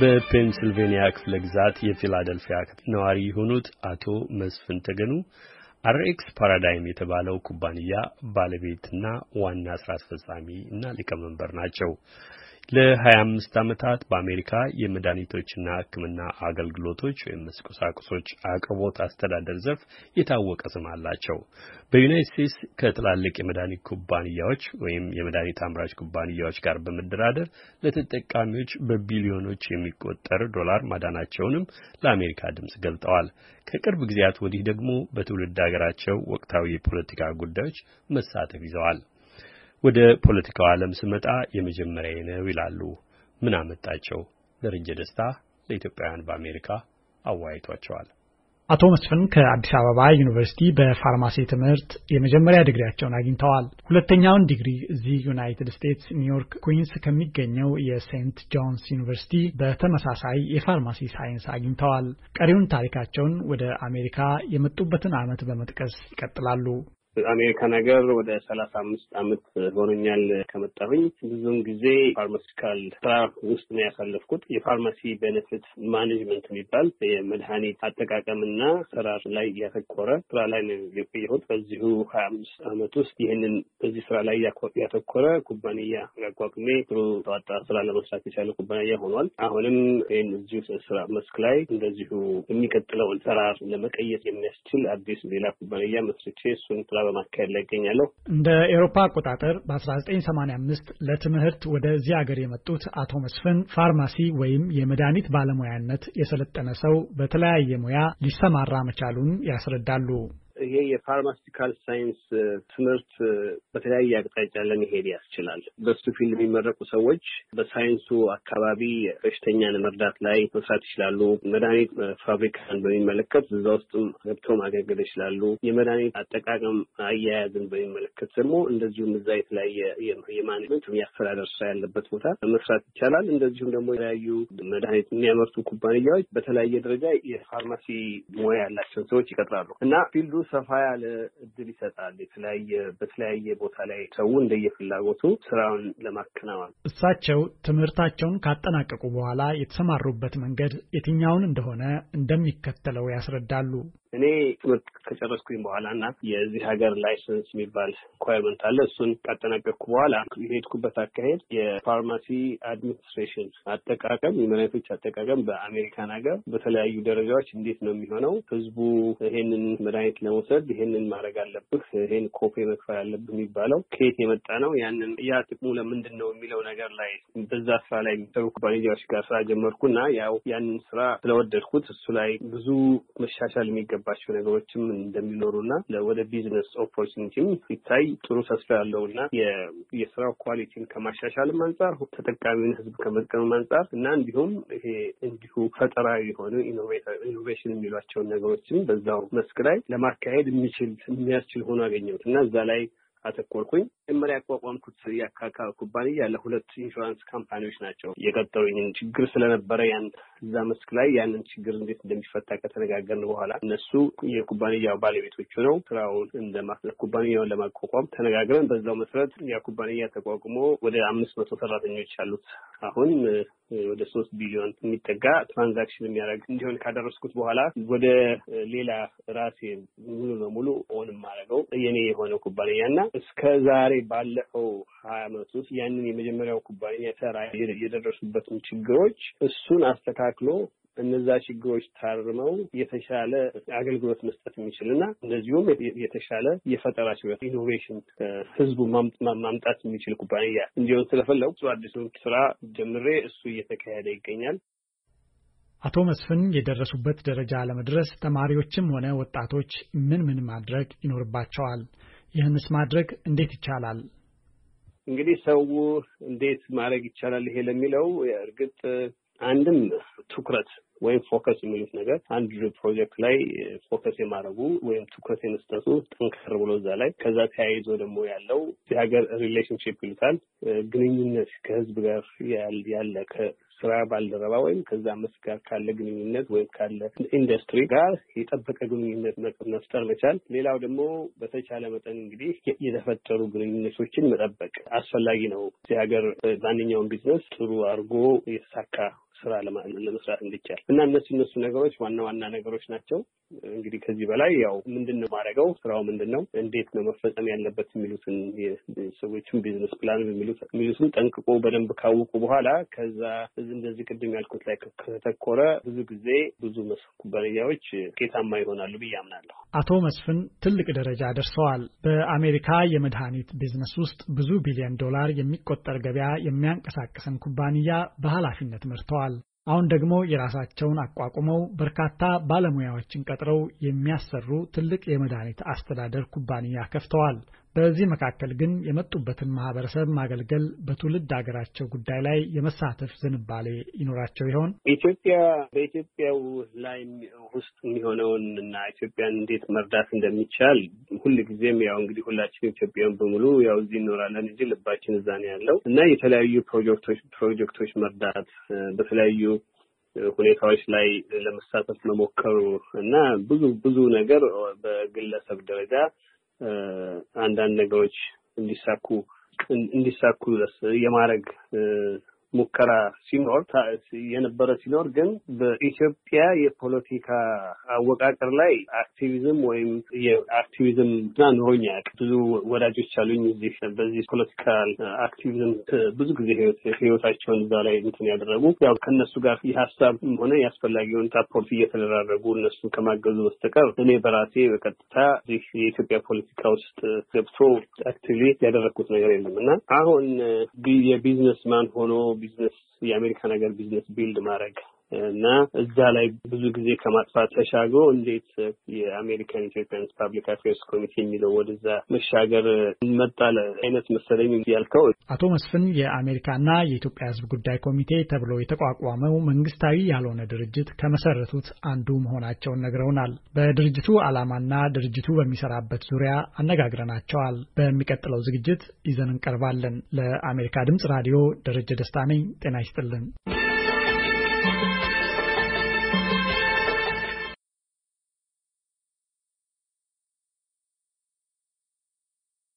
በፔንስልቬንያ ክፍለ ግዛት የፊላደልፊያ ነዋሪ የሆኑት አቶ መስፍን ተገኑ አርኤክስ ፓራዳይም የተባለው ኩባንያ ባለቤትና ዋና ስራ አስፈጻሚ እና ሊቀመንበር ናቸው። ለ25 ዓመታት በአሜሪካ የመድኃኒቶችና ሕክምና አገልግሎቶች ወይም ቁሳቁሶች አቅርቦት አስተዳደር ዘርፍ የታወቀ ስም አላቸው። በዩናይት ስቴትስ ከትላልቅ የመድኃኒት ኩባንያዎች ወይም የመድኃኒት አምራች ኩባንያዎች ጋር በመደራደር ለተጠቃሚዎች በቢሊዮኖች የሚቆጠር ዶላር ማዳናቸውንም ለአሜሪካ ድምፅ ገልጠዋል። ከቅርብ ጊዜያት ወዲህ ደግሞ በትውልድ ሀገራቸው ወቅታዊ የፖለቲካ ጉዳዮች መሳተፍ ይዘዋል። ወደ ፖለቲካው ዓለም ስመጣ የመጀመሪያ ነው ይላሉ። ምን አመጣቸው? ደረጀ ደስታ ለኢትዮጵያውያን በአሜሪካ አወያይቷቸዋል። አቶ መስፍን ከአዲስ አበባ ዩኒቨርሲቲ በፋርማሲ ትምህርት የመጀመሪያ ዲግሪያቸውን አግኝተዋል። ሁለተኛውን ዲግሪ እዚህ ዩናይትድ ስቴትስ ኒውዮርክ ኩዊንስ ከሚገኘው የሴንት ጆንስ ዩኒቨርሲቲ በተመሳሳይ የፋርማሲ ሳይንስ አግኝተዋል። ቀሪውን ታሪካቸውን ወደ አሜሪካ የመጡበትን ዓመት በመጥቀስ ይቀጥላሉ። አሜሪካ ነገር ወደ ሰላሳ አምስት አመት ሆኖኛል ከመጣሁኝ። ብዙውን ጊዜ ፋርማሲካል ስራ ውስጥ ነው ያሳለፍኩት። የፋርማሲ ቤኔፊት ማኔጅመንት የሚባል የመድኃኒት አጠቃቀምና ስራ ላይ ያተኮረ ስራ ላይ ነው የቆየሁት። በዚሁ ሀያ አምስት አመት ውስጥ ይህንን በዚህ ስራ ላይ ያተኮረ ኩባንያ አቋቁሜ ጥሩ ተዋጣ ስራ ለመስራት የቻለ ኩባንያ ሆኗል። አሁንም ይህን እዚሁ ስራ መስክ ላይ እንደዚሁ የሚቀጥለውን ስራ ለመቀየር የሚያስችል አዲስ ሌላ ኩባንያ መስርቼ እሱን ስራ በማካሄድ ላይ ይገኛለሁ። እንደ ኤሮፓ አቆጣጠር በ1985 ለትምህርት ወደዚህ አገር የመጡት አቶ መስፍን ፋርማሲ ወይም የመድኃኒት ባለሙያነት የሰለጠነ ሰው በተለያየ ሙያ ሊሰማራ መቻሉን ያስረዳሉ። ይሄ የፋርማሲካል ሳይንስ ትምህርት በተለያየ አቅጣጫ ለመሄድ ያስችላል። በሱ ፊልድ የሚመረቁ ሰዎች በሳይንሱ አካባቢ በሽተኛን መርዳት ላይ መስራት ይችላሉ። መድኃኒት ፋብሪካን በሚመለከት እዛ ውስጥም ገብቶ ማገልገል ይችላሉ። የመድኃኒት አጠቃቀም አያያዝን በሚመለከት ደግሞ እንደዚሁም እዛ የተለያየ የማኔጅመንት የአስተዳደር ስራ ያለበት ቦታ መስራት ይቻላል። እንደዚሁም ደግሞ የተለያዩ መድኃኒት የሚያመርቱ ኩባንያዎች በተለያየ ደረጃ የፋርማሲ ሙያ ያላቸውን ሰዎች ይቀጥራሉ እና ፊልዱ ሰፋ ያለ እድል ይሰጣል። የተለያየ በተለያየ ቦታ ላይ ሰው እንደየፍላጎቱ ስራውን ለማከናወን። እሳቸው ትምህርታቸውን ካጠናቀቁ በኋላ የተሰማሩበት መንገድ የትኛውን እንደሆነ እንደሚከተለው ያስረዳሉ። እኔ ትምህርት ከጨረስኩኝ በኋላ እና የዚህ ሀገር ላይሰንስ የሚባል ኳርመንት አለ። እሱን ካጠናቀቅኩ በኋላ የሄድኩበት አካሄድ የፋርማሲ አድሚኒስትሬሽን አጠቃቀም፣ የመድኃኒቶች አጠቃቀም በአሜሪካን ሀገር በተለያዩ ደረጃዎች እንዴት ነው የሚሆነው? ህዝቡ ይሄንን መድኃኒት ለመውሰድ ይሄንን ማድረግ አለብህ፣ ይሄን ኮፌ መክፈል አለብህ የሚባለው ከየት የመጣ ነው? ያንን ያ ጥቅሙ ለምንድን ነው የሚለው ነገር ላይ በዛ ስራ ላይ የሚሰሩ ኩባንያዎች ጋር ስራ ጀመርኩ እና ያው ያንን ስራ ስለወደድኩት እሱ ላይ ብዙ መሻሻል የሚገባ የሚያስገባቸው ነገሮችም እንደሚኖሩና ወደ ቢዝነስ ኦፖርቹኒቲም ሲታይ ጥሩ ተስፋ ያለውና የስራው ኳሊቲን ከማሻሻልም አንጻር ተጠቃሚውን ህዝብ ከመጥቀምም አንጻር እና እንዲሁም ይሄ እንዲሁ ፈጠራዊ የሆኑ ኢኖቬሽን የሚሏቸውን ነገሮችም በዛው መስክ ላይ ለማካሄድ የሚችል የሚያስችል ሆኖ አገኘሁት እና እዛ ላይ አተኮርኩኝ። መጀመሪያ ያቋቋምኩት የአካካ ኩባንያ ለሁለት ኢንሹራንስ ካምፓኒዎች ናቸው የቀጠሩ ይህን ችግር ስለነበረ ያን እዛ መስክ ላይ ያንን ችግር እንዴት እንደሚፈታ ከተነጋገርን በኋላ እነሱ የኩባንያው ባለቤቶቹ ነው ስራውን እንደማስለ ኩባንያውን ለማቋቋም ተነጋግረን በዛው መሰረት ያ ተቋቁሞ ወደ አምስት መቶ ሰራተኞች አሉት። አሁን ወደ ሶስት ቢሊዮን የሚጠጋ ትራንዛክሽን የሚያደረግ እንዲሆን ካደረስኩት በኋላ ወደ ሌላ ራሴ ሙሉ ለሙሉ ኦን የማደርገው የኔ የሆነ ኩባንያ እና እስከ ዛሬ በተለይ ባለፈው ሀያ አመት ውስጥ ያንን የመጀመሪያው ኩባንያ ተራ የደረሱበትን ችግሮች እሱን አስተካክሎ እነዛ ችግሮች ታርመው የተሻለ አገልግሎት መስጠት የሚችል እና እንደዚሁም የተሻለ የፈጠራ ችሎታ ኢኖቬሽን ህዝቡ ማምጣት የሚችል ኩባንያ እንዲሆን ስለፈለጉ አዲሱን ስራ ጀምሬ እሱ እየተካሄደ ይገኛል። አቶ መስፍን የደረሱበት ደረጃ ለመድረስ ተማሪዎችም ሆነ ወጣቶች ምን ምን ማድረግ ይኖርባቸዋል? ይህንስ ማድረግ እንዴት ይቻላል? እንግዲህ ሰው እንዴት ማድረግ ይቻላል ይሄ ለሚለው እርግጥ አንድም ትኩረት ወይም ፎከስ የሚሉት ነገር አንድ ፕሮጀክት ላይ ፎከስ የማድረጉ ወይም ትኩረት የመስጠቱ ጠንከር ብሎ እዛ ላይ ከዛ ተያይዞ ደግሞ ያለው የሀገር ሪሌሽንሽፕ ይሉታል ግንኙነት ከህዝብ ጋር ያለ ስራ ባልደረባ ወይም ከዛ መስክ ጋር ካለ ግንኙነት ወይም ካለ ኢንዱስትሪ ጋር የጠበቀ ግንኙነት መፍጠር መቻል። ሌላው ደግሞ በተቻለ መጠን እንግዲህ የተፈጠሩ ግንኙነቶችን መጠበቅ አስፈላጊ ነው። እዚህ ሀገር ማንኛውም ቢዝነስ ጥሩ አድርጎ የተሳካ ስራ ለመስራት እንዲቻል እና እነሱ እነሱ ነገሮች ዋና ዋና ነገሮች ናቸው። እንግዲህ ከዚህ በላይ ያው ምንድን ነው ማድረገው ስራው ምንድን ነው እንዴት ነው መፈጸም ያለበት የሚሉትን ሰዎችን ቢዝነስ ፕላን የሚሉትን ጠንቅቆ በደንብ ካወቁ በኋላ ከዛ እንደዚህ ቅድም ያልኩት ላይ ከተተኮረ ብዙ ጊዜ ብዙ ኩባንያዎች ውጤታማ ይሆናሉ ብዬ አምናለሁ። አቶ መስፍን ትልቅ ደረጃ ደርሰዋል። በአሜሪካ የመድኃኒት ቢዝነስ ውስጥ ብዙ ቢሊዮን ዶላር የሚቆጠር ገበያ የሚያንቀሳቅስን ኩባንያ በኃላፊነት መርተዋል። አሁን ደግሞ የራሳቸውን አቋቁመው በርካታ ባለሙያዎችን ቀጥረው የሚያሰሩ ትልቅ የመድኃኒት አስተዳደር ኩባንያ ከፍተዋል። በዚህ መካከል ግን የመጡበትን ማህበረሰብ ማገልገል በትውልድ ሀገራቸው ጉዳይ ላይ የመሳተፍ ዝንባሌ ይኖራቸው ይሆን? ኢትዮጵያ በኢትዮጵያው ላይ ውስጥ የሚሆነውን እና ኢትዮጵያን እንዴት መርዳት እንደሚቻል ጊዜም ያው እንግዲህ ሁላችን ኢትዮጵያን በሙሉ ያው እዚህ እንኖራለን እንጂ ልባችን እዛ ነው ያለው እና የተለያዩ ፕሮጀክቶች ፕሮጀክቶች መርዳት በተለያዩ ሁኔታዎች ላይ ለመሳተፍ መሞከሩ እና ብዙ ብዙ ነገር በግለሰብ ደረጃ አንዳንድ ነገሮች እንዲሳኩ እንዲሳኩ የማድረግ ሙከራ ሲኖር የነበረ ሲኖር ግን በኢትዮጵያ የፖለቲካ አወቃቀር ላይ አክቲቪዝም ወይም የአክቲቪዝም ና ሆኜ ብዙ ወዳጆች አሉኝ እዚህ በዚህ ፖለቲካል አክቲቪዝም ብዙ ጊዜ ህይወታቸውን እዛ ላይ እንትን ያደረጉ ያው ከእነሱ ጋር የሀሳብ ሆነ የአስፈላጊውን ሳፖርት እየተደራረጉ እነሱ ከማገዙ በስተቀር እኔ በራሴ በቀጥታ እዚህ የኢትዮጵያ ፖለቲካ ውስጥ ገብቶ አክቲቪ ያደረግኩት ነገር የለም እና አሁን የቢዝነስ ማን ሆኖ ቢዝነስ የአሜሪካ ሀገር ቢዝነስ ቢልድ ማድረግ እና እዛ ላይ ብዙ ጊዜ ከማጥፋት ተሻግሮ እንዴት የአሜሪካን ኢትዮጵያንስ ፓብሊክ አፌርስ ኮሚቴ የሚለው ወደዛ መሻገር መጣለ አይነት መሰለኝ ያልከው አቶ መስፍን። የአሜሪካና የኢትዮጵያ ሕዝብ ጉዳይ ኮሚቴ ተብሎ የተቋቋመው መንግስታዊ ያልሆነ ድርጅት ከመሰረቱት አንዱ መሆናቸውን ነግረውናል። በድርጅቱ ዓላማና ድርጅቱ በሚሰራበት ዙሪያ አነጋግረናቸዋል። በሚቀጥለው ዝግጅት ይዘን እንቀርባለን። ለአሜሪካ ድምጽ ራዲዮ ደረጀ ደስታ ነኝ። ጤና ይስጥልን።